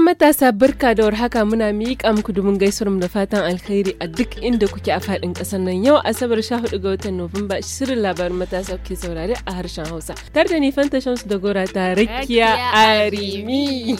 matasa barka da warhaka muna miƙa muku dubin gaisuwar da fatan alkhairi a duk inda kuke a faɗin ƙasar nan yau asabar 14 ga watan Nuwamba shirin labarin matasa kuke saurare a harshen Hausa. Tar da ni Fanta Shamsu da Gora ta Rakiya Arimi.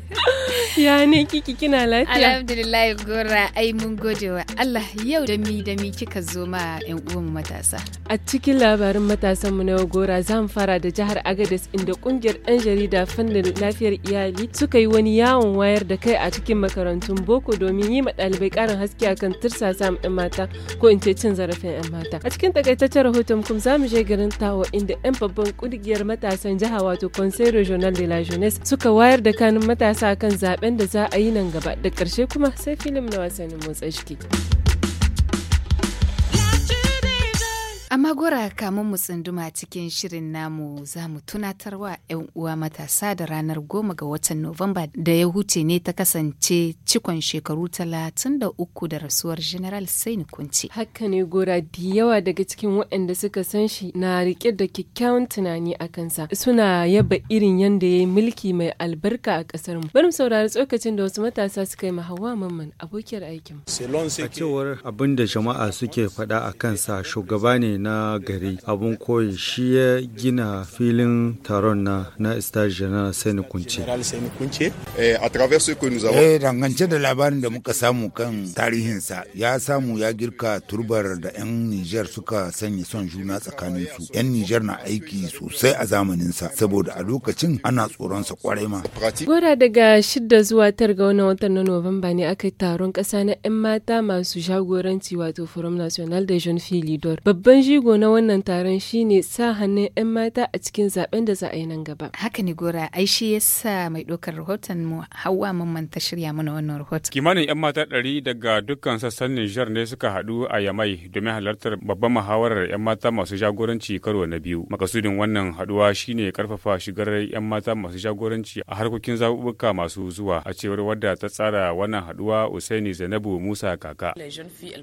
ya ne kiki kina lafiya? Alhamdulillah Gora ai mun gode wa Allah yau da mi da mi kika zo ma ƴan uwan matasa. A cikin labarin matasan mu na yau Gora za mu fara da jihar Agadez inda kungiyar 'yan jarida fannin lafiyar iyali suka yi wani yawon wayar da kai a cikin makarantun boko domin yi ma ɗalibai ƙarin haske akan tirsasa ɗin mata ko in ce cin zarafin 'yan mata. A cikin takaitaccen rahoton kuma za mu je garin Tawa inda 'yan babban ƙungiyar matasan jiha wato Conseil Regional de la Jeunesse suka wayar da kanun matasa kan zaben da za a yi nan gaba da karshe kuma sai filim na wasannin motsa jiki. Amma gora kamun mu tsunduma cikin shirin namu za mu tunatarwa 'yan uwa matasa da ranar goma ga watan Nuwamba da ya huce ne ta kasance cikon shekaru talatin da uku da rasuwar General Sain Kunce. Haka ne gora da yawa daga cikin waɗanda suka san shi na rike da kyakkyawan tunani a kansa suna yaba irin yadda ya yi mulki mai albarka a ƙasar mu. Bari mu saurari tsokacin da wasu matasa suka yi ma Mamman abokiyar aikin. A cewar abin da jama'a suke faɗa a kansa shugaba ne na gari abun koyi shi ya gina filin taron na na stage na sani kunce eh, eh dangance da labarin da muka samu kan tarihinsa ya samu ya girka turbar da 'yan nijar suka sanya son juna tsakanin su 'yan nijar na aiki sosai a zamaninsa saboda a lokacin ana tsoronsa kwarai ma gora daga shidda zuwa tar ga wannan watan na Nuwamba ne aka yi taron ƙasa na 'yan mata masu jagoranci wato Forum National de Jeune filidor Babban jigo na wannan taron shine sa hannun 'yan mata a cikin zaben da za a yi nan gaba. Haka ne gora, ai shi sa mai ɗaukar rahoton mu Hauwa Mamman ta shirya mana wannan rahoton. Kimanin 'yan mata ɗari daga dukkan sassan Nijar ne suka haɗu a Yamai domin halartar babban muhawarar 'yan mata masu jagoranci karo na biyu. Makasudin wannan haɗuwa shine karfafa shigar 'yan mata masu jagoranci a harkokin zaɓuɓɓuka masu zuwa a cewar wadda ta tsara wannan haɗuwa Usaini Zainabu Musa Kaka.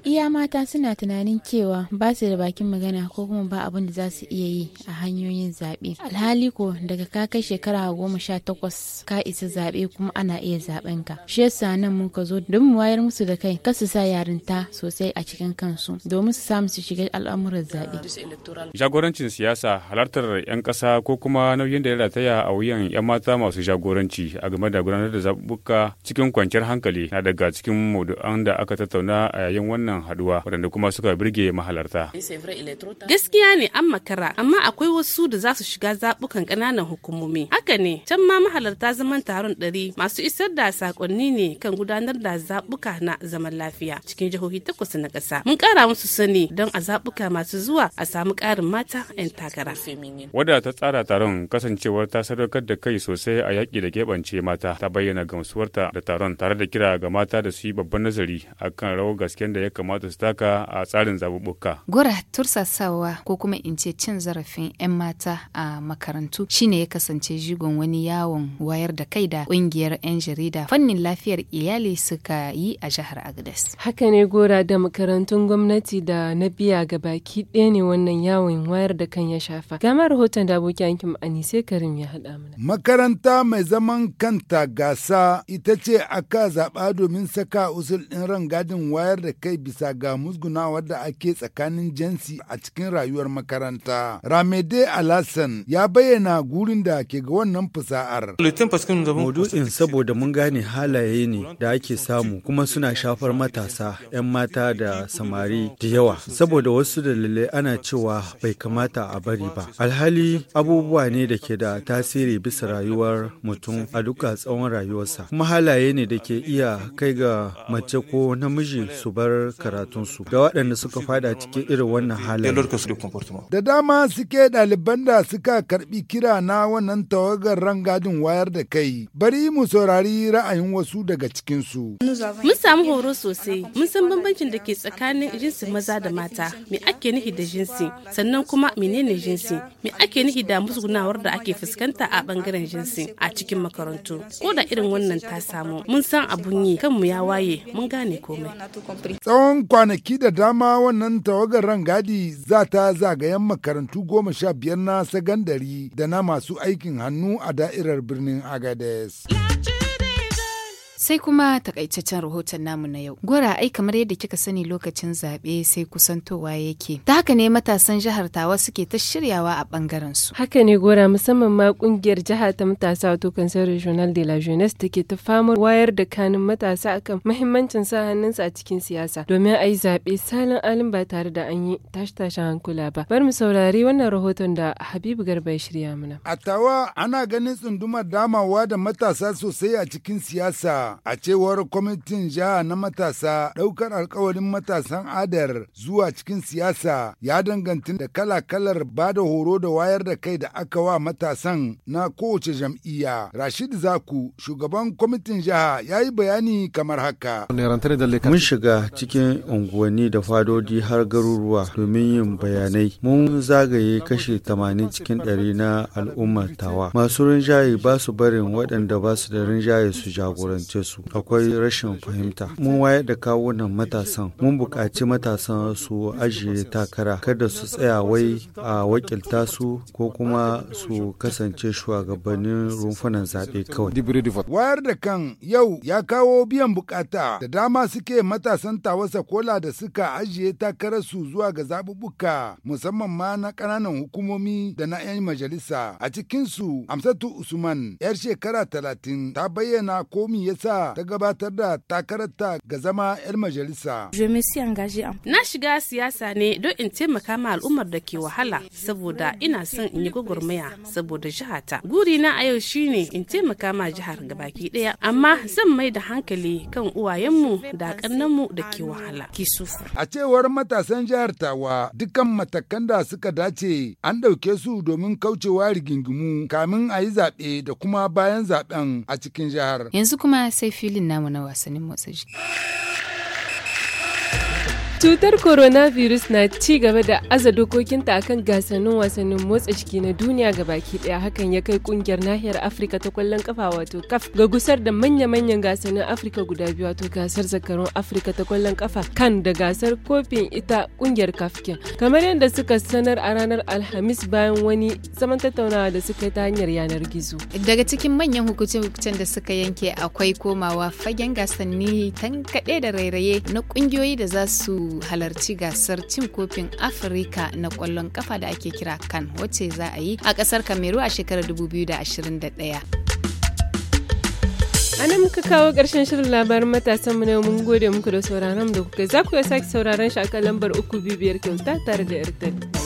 Iya mata suna tunanin cewa ba su da bakin magana ko kuma ba abin da za su iya yi a hanyoyin zaɓe alhali ko daga ka kai shekara goma sha takwas ka isa zaɓe kuma ana iya zaɓen ka shi yasa nan muka zo don mu wayar musu da kai kasu sa yarinta sosai a cikin kansu domin su samu su shiga al'amuran zaɓe jagorancin siyasa halartar 'yan kasa ko kuma nauyin da ya rataya a wuyan 'yan mata masu jagoranci a game da gudanar da zaɓuɓɓuka cikin kwanciyar hankali na daga cikin mudu'an da aka tattauna a yayin wannan haɗuwa waɗanda kuma suka birge mahalarta. Gaskiya ne an makara, amma akwai wasu da za su shiga zabukan ƙananan hukumomi. Haka ne, can ma mahalarta zaman taron ɗari masu isar da sakonni ne kan gudanar da zabuka na zaman lafiya cikin jihohi takwas na ƙasa. Mun kara musu sani don a zabuka masu zuwa a samu ƙarin mata 'yan takara. Wadda ta tsara taron kasancewar ta sadaukar da kai sosai a yaƙi da keɓance mata ta bayyana gamsuwarta da taron tare da kira ga mata da su yi babban nazari akan rawar gasken da ya kamata su taka a tsarin zabubuka. Gora Tursa sassawa ko kuma in ce cin zarafin 'yan mata a makarantu shine ya kasance jigon wani yawon wayar da kai da kungiyar 'yan jarida fannin lafiyar iyali suka yi a jihar Agdes. Haka ne gora da makarantun gwamnati da na biya ga baki ɗaya ne wannan yawon wayar da kan ya shafa. Gama rahoton da abokin yankin Anise Karim ya haɗa mana. Makaranta mai zaman kanta gasa ita ce aka zaɓa domin saka usul ɗin rangadin wayar da kai bisa ga musgunawar da ake tsakanin jinsi a cikin rayuwar makaranta. Ramede Alassan ya bayyana gurin da ke ga wannan fusa'ar. Maudu'in saboda mun gane halaye ne da ake samu kuma suna shafar matasa, 'yan mata da samari da yawa. Saboda wasu dalilai ana cewa bai kamata a bari ba. Alhali abubuwa ne da ke da tasiri bisa rayuwar mutum a duka tsawon rayuwarsa. Kuma halaye ne da ke iya kai ga mace ko namiji su bar karatunsu. Ga waɗanda suka fada cikin irin wannan Da dama suke ɗaliban da suka karbi kira na wannan tawagar rangadin wayar da kai. Bari mu saurari ra'ayin wasu daga cikinsu. Mun samu horo sosai, mun san bambancin da ke tsakanin jinsi maza da mata, me ake nufi da jinsi, sannan kuma menene jinsi, me ake nufi da musgunawar da ake fuskanta a bangaren jinsi a cikin makarantu. Ko da irin wannan ta samu, mun san abun yi, kanmu ya waye, mun gane komai. Tsawon kwanaki da dama wannan tawagar rangadi za ta zagayen makarantu goma sha biyar na sagandari da na masu aikin hannu a da'irar birnin Agades. Sai kuma takaitaccen rahoton namu na yau. Gora ai kamar yadda kika sani lokacin zaɓe sai kusantowa yake. Ta haka ne matasan jihar Tawa suke ta shiryawa a bangaren su. Haka ne Gora musamman ma kungiyar Jihar ta matasa wato Kansar Regional de la Jeunesse take ta fama wayar da kanin matasa akan mahimmancin sa hannunsa a cikin siyasa domin ai zaɓe salin alin ba tare da an yi tashi-tashin hankula ba. Bar mu saurari wannan rahoton da Habibu Garba ya shirya mana. A Tawa ana ganin tsundumar damawa da matasa sosai a cikin siyasa a cewar kwamitin jiha na matasa ɗaukar alkawarin matasan adar zuwa cikin siyasa ya danganta da kala-kalar ba da horo da wayar da kai da aka wa matasan na kowace jam'iyya. Rashid Zaku shugaban kwamitin jiha ya yi bayani kamar haka. Mun shiga cikin unguwanni da fadodi har garuruwa domin yin bayanai. Mun zagaye kashi tamanin cikin ɗari na al'ummar tawa. Masu rinjaye ba su barin waɗanda ba su da rinjaye su jagoranci su akwai rashin fahimta mun wayar da kawunan matasan mun bukaci matasan su ajiye takara kada su tsaya wai a wakilta su ko kuma su kasance shugabannin rumfunan zaɓe kawai wayar da kan yau ya kawo biyan bukata da dama suke matasan tawasa kola da suka ajiye takarar su zuwa ga zaɓuɓɓuka musamman ma na ƙananan hukumomi da na 'yan majalisa a cikinsu amsatu usman 'yar shekara talatin ta bayyana komi yasa yasa ta gabatar da takararta ga zama 'yar majalisa. Na shiga siyasa ne don in taimaka ma al'ummar da ke wahala saboda ina son in yi gwagwarmaya saboda jihata. Guri na a yau shine in taimaka ma jihar gabaki daya amma zan mai da hankali kan uwayenmu da kannanmu da ke wahala. A cewar matasan jihar Tawa dukkan matakan da suka dace an ɗauke su domin kaucewa rigingimu kamin a yi zaɓe da kuma bayan zaɓen a cikin jihar. Yanzu kuma sai filin namu na wasannin motsa jiki. Cutar coronavirus na ci gaba da aza dokokinta akan gasannin wasannin motsa jiki na duniya ga baki daya hakan ya kai kungiyar nahiyar Afirka ta kwallon kafa wato CAF ga gusar da manya-manyan gasannin Afirka guda biyu wato gasar zakarun Afirka ta kwallon kafa kan da gasar kofin ita kungiyar CAF Kamar yadda suka sanar a ranar Alhamis bayan wani zaman tattaunawa da suka yi ta hanyar yanar gizo. Daga cikin manyan hukuce-hukucen da suka yanke akwai komawa fagen gasanni tankaɗe da rairaye na kungiyoyi da za su halarci gasar cin kofin afirka na kwallon kafa da ake kira kan wacce za a yi a kasar kameru a shekarar 2021 a nan muka kawo ƙarshen shirin labarin matasan mu na mun gode muku da sauraron da kuka za ku ya sake sauraron shi a kan lambar uku biyu biyar kyauta tare da irtel